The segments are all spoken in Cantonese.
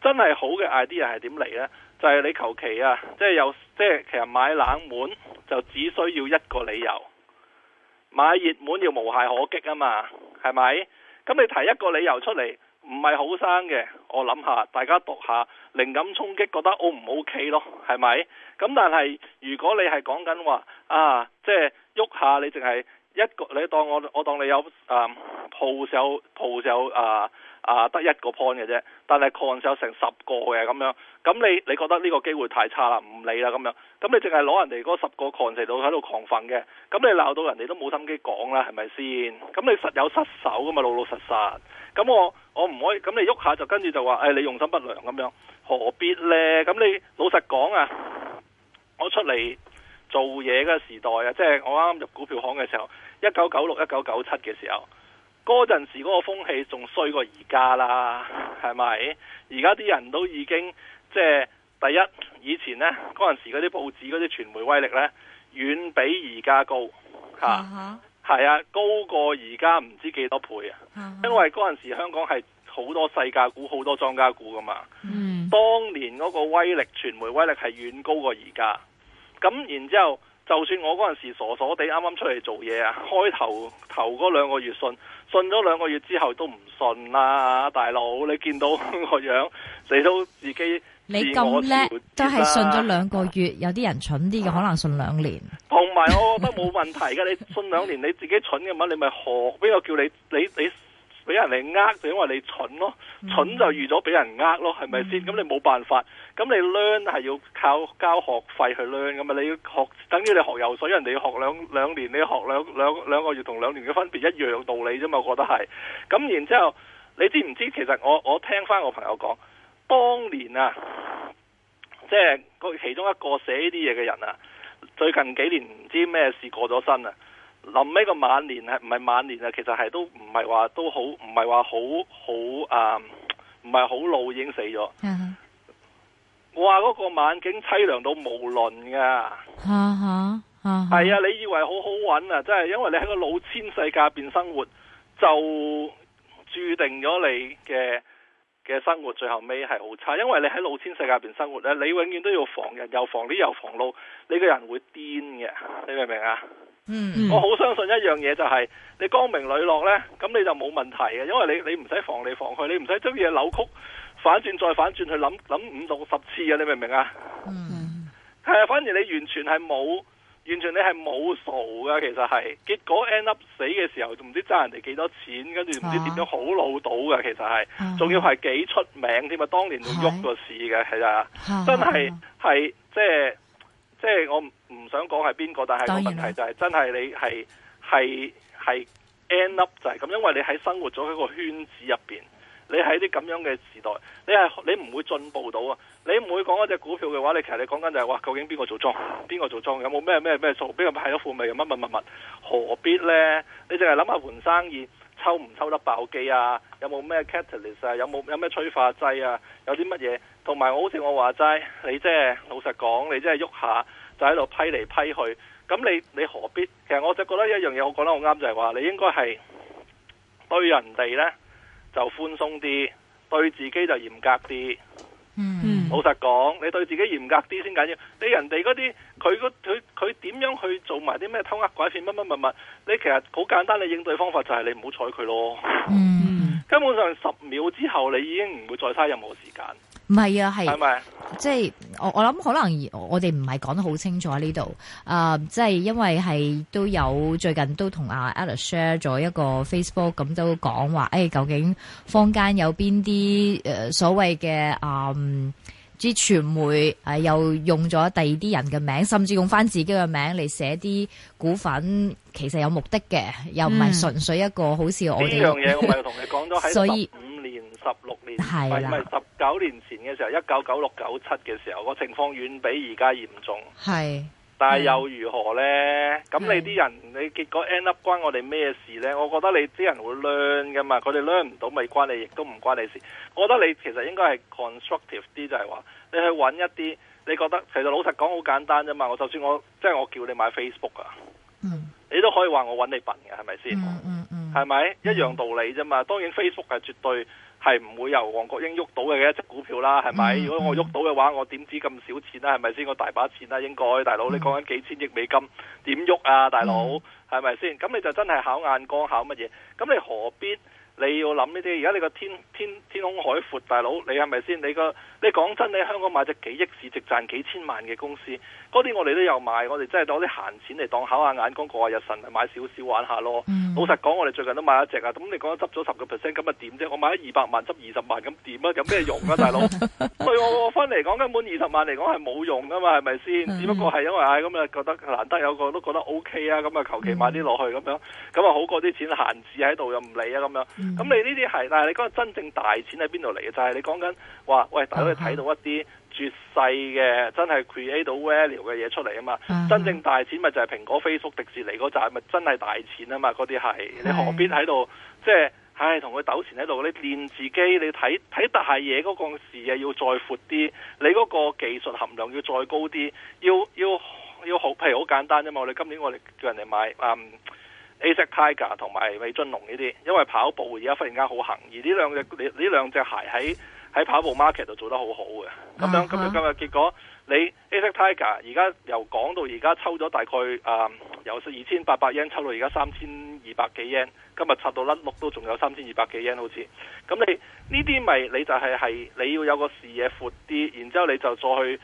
真係好嘅 idea 係點嚟呢？就係你求其啊，即係有，即係其實買冷門就只需要一個理由，買熱門要無懈可擊啊嘛，係咪？咁你提一個理由出嚟，唔係好生嘅，我諗下，大家讀下靈感衝擊，覺得 O 唔 O K 咯？係咪？咁但係如果你係講緊話啊，即係喐下你，你淨係。一個你當我我當你有啊 pose 啊啊得一個 point 嘅啫，但係 con 有成十個嘅咁樣，咁你你覺得呢個機會太差啦，唔理啦咁樣，咁你淨係攞人哋嗰十個 con 嚟到喺度狂瞓嘅，咁你鬧到人哋都冇心機講啦，係咪先？咁你實有失手㗎嘛，老老實實。咁我我唔可以，咁你喐下就跟住就話誒、哎、你用心不良咁樣，何必呢？咁你老實講啊，我出嚟。做嘢嗰個時代啊，即係我啱啱入股票行嘅時候，一九九六、一九九七嘅時候，嗰陣時嗰個風氣仲衰過而家啦，係咪？而家啲人都已經即係第一，以前呢，嗰陣時嗰啲報紙嗰啲傳媒威力呢，遠比而家高嚇，係啊，uh huh. 啊，高過而家唔知幾多倍啊，uh huh. 因為嗰陣時香港係好多細價股、好多莊家股噶嘛，uh huh. 當年嗰個威力、傳媒威力係遠高過而家。咁然之後，就算我嗰陣時傻傻地啱啱出嚟做嘢啊，開頭頭嗰兩個月信，信咗兩個月之後都唔信啦，大佬你見到我樣，你都自己你咁叻，就係信咗兩個月，有啲人蠢啲嘅可能信兩年，同埋我覺得冇問題嘅，你信兩年 你自己蠢嘅嘛，你咪學邊個叫你你你？你你俾人哋呃就因為你蠢咯，蠢就預咗俾人呃咯，係咪先？咁、嗯、你冇辦法，咁你 learn 係要靠交學費去 learn 噶嘛？你要學，等於你學游水，人哋要學兩兩年，你要學兩兩兩個月同兩年嘅分別一樣道理啫嘛，我覺得係。咁然之後，你知唔知？其實我我聽翻我朋友講，當年啊，即係個其中一個寫呢啲嘢嘅人啊，最近幾年唔知咩事過咗身啊。臨尾個晚年係唔係晚年啊？其實係都唔係話都好，唔係話好好啊，唔係好老已經死咗。我話嗰個晚景淒涼到無論噶。吓吓係啊，你以為好好揾啊？真係，因為你喺個老千世界入邊生活，就注定咗你嘅嘅生活最後尾係好差，因為你喺老千世界入邊生活咧，你永遠都要防人又防啲又，又防老，你個人會癲嘅，你明唔明啊？嗯，mm hmm. 我好相信一樣嘢就係你光明磊落呢，咁你就冇問題嘅，因為你你唔使防嚟防去，你唔使將嘢扭曲、反轉再反轉去諗諗五到十次啊。你明唔明啊？嗯、mm，係啊，反而你完全係冇，完全你係冇傻噶，其實係結果 end up 死嘅時候，就唔知爭人哋幾多錢，跟住唔知點樣好老到嘅，其實係，仲、uh huh. 要係幾出名添啊，當年仲喐過市嘅，uh huh. 其實、uh huh.，真係係即係。即係我唔想講係邊個，但係個問題就係真係你係係係 end up 就係咁，因為你喺生活咗喺個圈子入邊，你喺啲咁樣嘅時代，你係你唔會進步到啊！你唔會講一隻股票嘅話，你其實你講緊就係、話、哇，究竟邊個做莊，邊個做莊，有冇咩咩咩數，邊個派咗股尾，有乜乜乜乜，何必呢？你淨係諗下盤生意抽唔抽得爆機啊？有冇咩 catalyst 啊？有冇有咩催化劑啊？有啲乜嘢？同埋好似我話齋，你即係老實講，你即係喐下就喺度批嚟批去，咁你你何必？其實我就覺得一樣嘢，我講得好啱就係話，你應該係對人哋呢，就寬鬆啲，對自己就嚴格啲。嗯，老實講，你對自己嚴格啲先緊要。你人哋嗰啲，佢個佢佢點樣去做埋啲咩偷呃拐騙乜乜乜乜？你其實好簡單，你應對方法就係你唔好睬佢咯。嗯，根本上十秒之後，你已經唔會再嘥任何時間。唔係啊，係即係我我諗可能我哋唔係講得好清楚呢度啊，呃、即係因為係都有最近都同阿 Alex share 咗一個 Facebook 咁都講話，誒、欸、究竟坊間有邊啲誒所謂嘅啊啲傳媒誒又用咗第二啲人嘅名，甚至用翻自己嘅名嚟寫啲股份，其實有目的嘅，又唔係純粹一個好似我呢樣嘢，我又同你講咗喺所以五年十六年係啦。以九年前嘅時候，一九九六九七嘅時候，個情況遠比而家嚴重。係是，但係又如何呢？咁是你啲人，你結果 end up 關我哋咩事呢？我覺得你啲人會 learn 噶嘛，佢哋 learn 唔到咪關你，亦都唔關你事。我覺得你其實應該係 constructive 啲，就係話你去揾一啲，你覺得其實老實講好簡單啫嘛。我就算我即係我叫你買 Facebook 啊，嗯、你都可以話我揾你笨嘅，係咪先？嗯嗯係咪、嗯、一樣道理啫嘛？當然 Facebook 係絕對。係唔會由黃國英喐到嘅一隻股票啦，係咪？嗯嗯、如果我喐到嘅話，我點止咁少錢啊？係咪先？我大把錢啦、啊，應該，大佬你講緊幾千億美金，點喐啊，大佬？係咪先？咁你就真係考眼光，考乜嘢？咁你何必？你要諗呢啲，而家你個天天天空海闊，大佬你係咪先？你個你講真，你，你，真你喺香港買隻幾億市值賺幾千萬嘅公司，嗰啲我哋都有買，我哋真係攞啲閒錢嚟當考下眼光過下日神，嚟買少少玩下咯。嗯、老實講，我哋最近都買一隻啊。咁你講執咗十個 percent，咁啊點啫？我買咗二百萬執二十萬，咁點啊？有咩用啊，大佬？ 對我分嚟講，根本二十萬嚟講係冇用噶嘛，係咪先？嗯、只不過係因為唉咁啊，哎、覺得難得有個都覺得 O、OK、K 啊，咁啊求其買啲落去咁、嗯、樣，咁啊好過啲錢閒置喺度又唔理啊咁樣。咁、嗯嗯、你呢啲係，但係你講真正大錢喺邊度嚟嘅？就係、是、你講緊話，喂，大佬，可以睇到一啲絕世嘅，真係 create 到 value 嘅嘢出嚟啊嘛！嗯、真正大錢咪就係蘋果、 Facebook、迪士尼嗰扎，咪真係大錢啊嘛！嗰啲係，你何必喺度即係，唉、就是，同、哎、佢糾纏喺度？你練自己，你睇睇大嘢嗰個視野要再闊啲，你嗰個技術含量要再高啲，要要要學，譬如好簡單啫嘛！我哋今年我哋叫人哋買，嗯。Asics Tiger 同埋美津龍呢啲，因為跑步而家忽然間好行，而呢兩隻呢兩隻鞋喺喺跑步 market 度做得好好嘅。咁樣今日今日結果你 Asics Tiger 而家由講到而家抽咗大概誒、呃、由二千八百 yen 抽到而家三千二百幾 yen，今日插到甩碌都仲有三千二百幾 yen 好似。咁你呢啲咪你就係、係、係你要有個視野闊啲，然之後你就再去。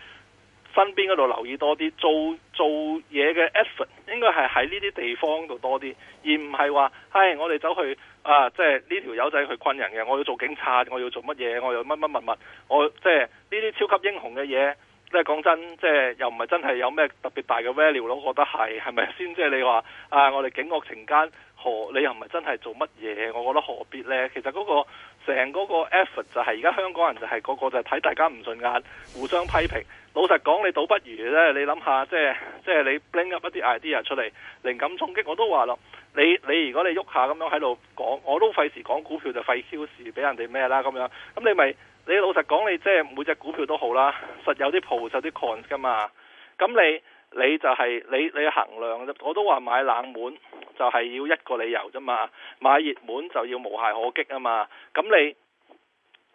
身邊嗰度留意多啲，做做嘢嘅 effort 應該係喺呢啲地方度多啲，而唔係話，唉，我哋走去啊，即係呢條友仔去困人嘅，我要做警察，我要做乜嘢，我要乜乜乜乜，我即係呢啲超級英雄嘅嘢。即係講真，即係又唔係真係有咩特別大嘅 value 咯，我覺得係，係咪先？即係你話啊，我哋警惡懲奸何？你又唔係真係做乜嘢？我覺得何必呢？其實嗰個成嗰個 effort 就係而家香港人就係嗰個就係睇大家唔順眼，互相批評。老實講，你倒不如呢，你諗下，即係即係你 bring up 一啲 idea 出嚟，靈感衝擊。我都話咯。你你如果你喐下咁樣喺度講，我都費事講股票就費消事，俾人哋咩啦咁樣。咁你咪你老實講，你即係每隻股票都好啦，實有啲 pro，有啲 con 嘅嘛。咁你你就係、是、你你衡量啫。我都話買冷門就係要一個理由啫嘛，買熱門就要無懈可擊啊嘛。咁你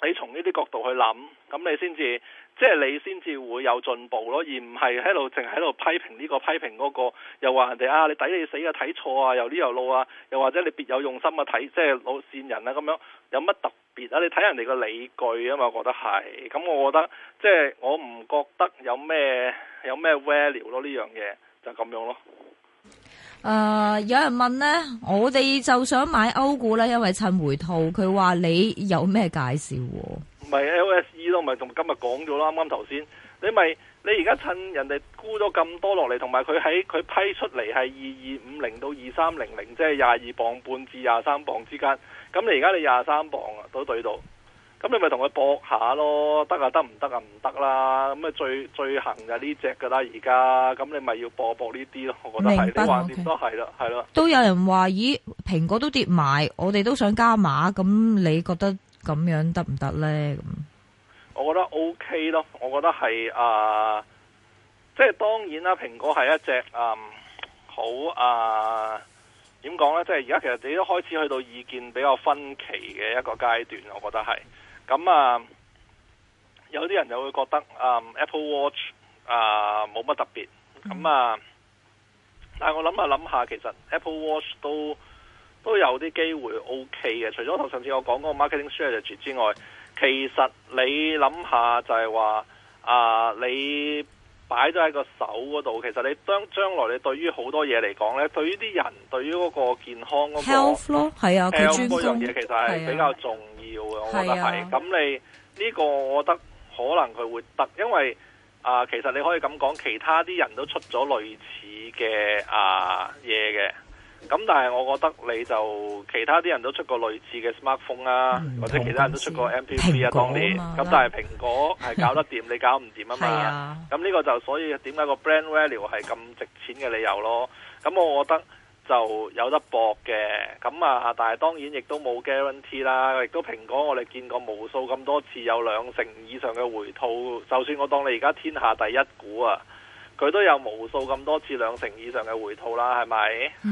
你從呢啲角度去諗，咁你先至。即係你先至會有進步咯，而唔係喺度淨係喺度批評呢、這個批評嗰、那個，又話人哋啊，你抵你死啊，睇錯啊，又呢又路啊，又或者你別有用心啊睇即係老線人啊，咁樣，有乜特別啊？你睇人哋個理據啊嘛，我覺得係咁、嗯，我覺得即係我唔覺得有咩有咩 value 咯呢樣嘢就咁、是、樣咯。誒，uh, 有人問呢，我哋就想買歐股咧，因為趁回吐，佢話你有咩介紹？咪 LSE 咯，咪同今日講咗啦。啱啱頭先。你咪你而家趁人哋沽咗咁多落嚟，同埋佢喺佢批出嚟係二二五零到二三零零，即係廿二磅半至廿三磅之間。咁你而家你廿三磅啊，都對到。咁你咪同佢搏下咯，得啊，得唔得啊？唔得啦。咁啊最最行就係呢隻噶啦，而家。咁你咪要搏搏呢啲咯，我覺得係。白你話點都係啦，係咯 okay.。都有人話：咦，蘋果都跌埋，我哋都想加碼。咁你覺得？咁樣得唔得呢？我覺得 OK 咯，我覺得係啊、呃，即係當然啦。蘋果係一隻啊、嗯，好啊，點講呢？即係而家其實你都開始去到意見比較分歧嘅一個階段，我覺得係。咁、嗯、啊，有啲人就會覺得啊，Apple Watch 啊冇乜特別。咁啊、嗯嗯嗯，但係我諗下諗下，其實 Apple Watch 都。都有啲機會 O K 嘅，除咗同上次我講嗰個 marketing strategy 之外，其實你諗下就係話啊，你擺咗喺個手嗰度，其實你將將來你對於好多嘢嚟講咧，對於啲人，對於嗰個健康嗰個健、uh, um, 啊，嗰樣嘢，其實係比較重要嘅。Uh, 我覺得係。咁、uh, 你呢、呢個我覺得可能佢會得，因為啊，uh, 其實你可以咁講，其他啲人都出咗類似嘅啊嘢嘅。Uh, 咁但係我覺得你就其他啲人都出過類似嘅 smartphone 啊，或者其他人都出過 MPV 啊，當年咁但係蘋果係搞得掂， 你搞唔掂啊嘛。咁呢、啊、個就所以點解個 brand value 係咁值錢嘅理由咯。咁我覺得就有得搏嘅。咁啊，但係當然亦都冇 guarantee 啦。亦都蘋果我哋見過無數咁多次有兩成以上嘅回吐。就算我當你而家天下第一股啊！佢都有無數咁多次兩成以上嘅回吐啦，係咪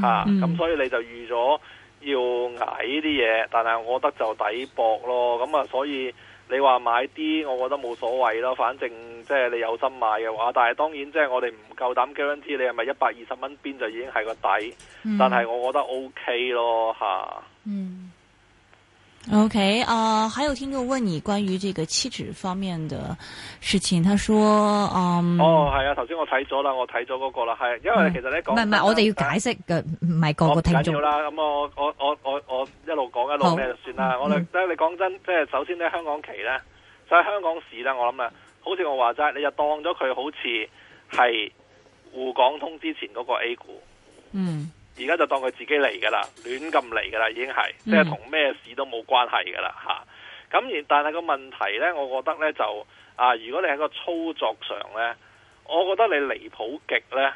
嚇？咁、mm hmm. 啊、所以你就預咗要捱呢啲嘢，但係我覺得就抵搏咯。咁、嗯、啊，嗯、所以你話買啲，我覺得冇所謂咯。反正即係、就是、你有心買嘅話，但係當然即係我哋唔夠膽 guarantee 你係咪一百二十蚊邊就已經係個底，但係我覺得 OK 咯嚇。啊 mm hmm. OK，啊，還有聽眾問你關於這個期指方面的事情，他說，嗯，哦，係啊，頭先我睇咗啦，我睇咗嗰個啦，係、啊，因為其實咧講，唔係、嗯，唔係但，我哋要解釋嘅，唔係個個聽眾啦，咁我我我我我，我一路講一路咩好就算啦，我哋，即係你講真，即係首先咧香港期咧，就係香港市咧，我諗啊，好似我話齋，你就當咗佢好似係滬港通之前嗰個 A 股，嗯。而家就當佢自己嚟噶啦，亂咁嚟噶啦，已經係即係同咩事都冇關係噶啦嚇。咁、啊、而但係個問題呢，我覺得呢，就啊，如果你喺個操作上呢，我覺得你離譜極呢，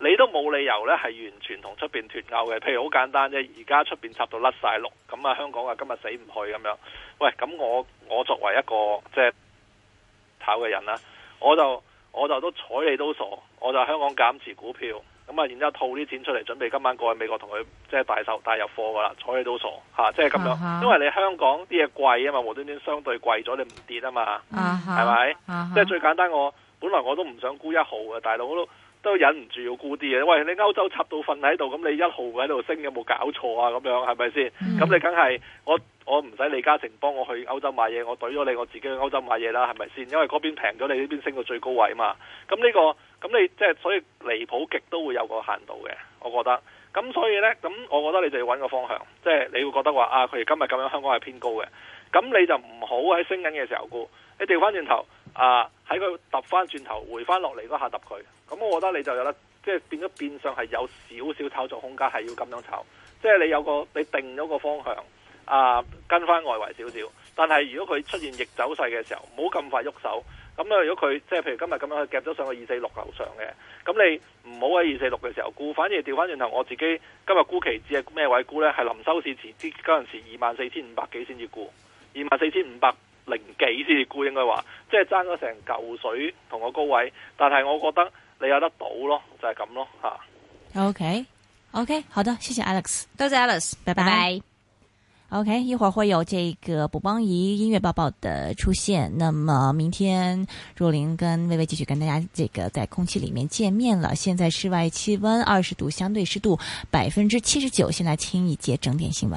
你都冇理由呢係完全同出邊脱鈎嘅。譬如好簡單啫，而家出邊插到甩晒碌，咁啊香港啊今日死唔去咁樣。喂，咁我我作為一個即係、就是、炒嘅人啦，我就我就都睬你都傻，我就香港減持股票。咁啊、嗯，然之後套啲錢出嚟，準備今晚過去美國同佢即係大售大入貨㗎啦，坐喺度傻嚇，即係咁樣。Uh huh. 因為你香港啲嘢貴啊嘛，無端端相對貴咗，你唔跌啊嘛，係咪？即係最簡單，我本來我都唔想沽一號嘅，大佬我都。都忍唔住要沽啲嘅，喂！你歐洲插到瞓喺度，咁你一毫喺度升，有冇搞錯啊？咁樣係咪先？咁、嗯、你梗係我我唔使李嘉誠幫我去歐洲買嘢，我懟咗你，我自己去歐洲買嘢啦，係咪先？因為嗰邊平咗，你呢邊升到最高位嘛。咁呢、這個咁你即係、就是、所以離譜極都會有個限度嘅，我覺得。咁所以呢，咁我覺得你就要揾個方向，即、就、係、是、你會覺得話啊，佢今日咁樣香港係偏高嘅，咁你就唔好喺升緊嘅時候沽，你掉翻轉頭。啊！喺佢揼翻轉頭，回翻落嚟嗰下揼佢，咁、嗯、我覺得你就有得即係變咗變相係有少少炒作空間，係要咁樣炒。即係你有個你定咗個方向，啊跟翻外圍少少。但係如果佢出現逆走勢嘅時候，唔好咁快喐手。咁、嗯、咧，如果佢即係譬如今日咁樣，佢夾咗上個二四六樓上嘅，咁、嗯、你唔好喺二四六嘅時候沽，反而調翻轉頭。我自己今日沽期指係咩位沽呢？係臨收市前啲嗰陣時二萬四千五百幾先至沽。二萬四千五百零幾先至沽應該話，即係爭咗成嚿水同個高位，但係我覺得你有得到咯，就係、是、咁咯吓。啊、OK，OK，、okay, okay, 好的，謝謝 Alex，多謝 Alex，拜拜。OK，一會兒會有這個卜邦儀音樂報告的出現。那麼明天若琳跟微微繼續跟大家這個在空氣裏面見面了。現在室外氣温二十度，相對濕度百分之七十九。現在聽一節整點新聞。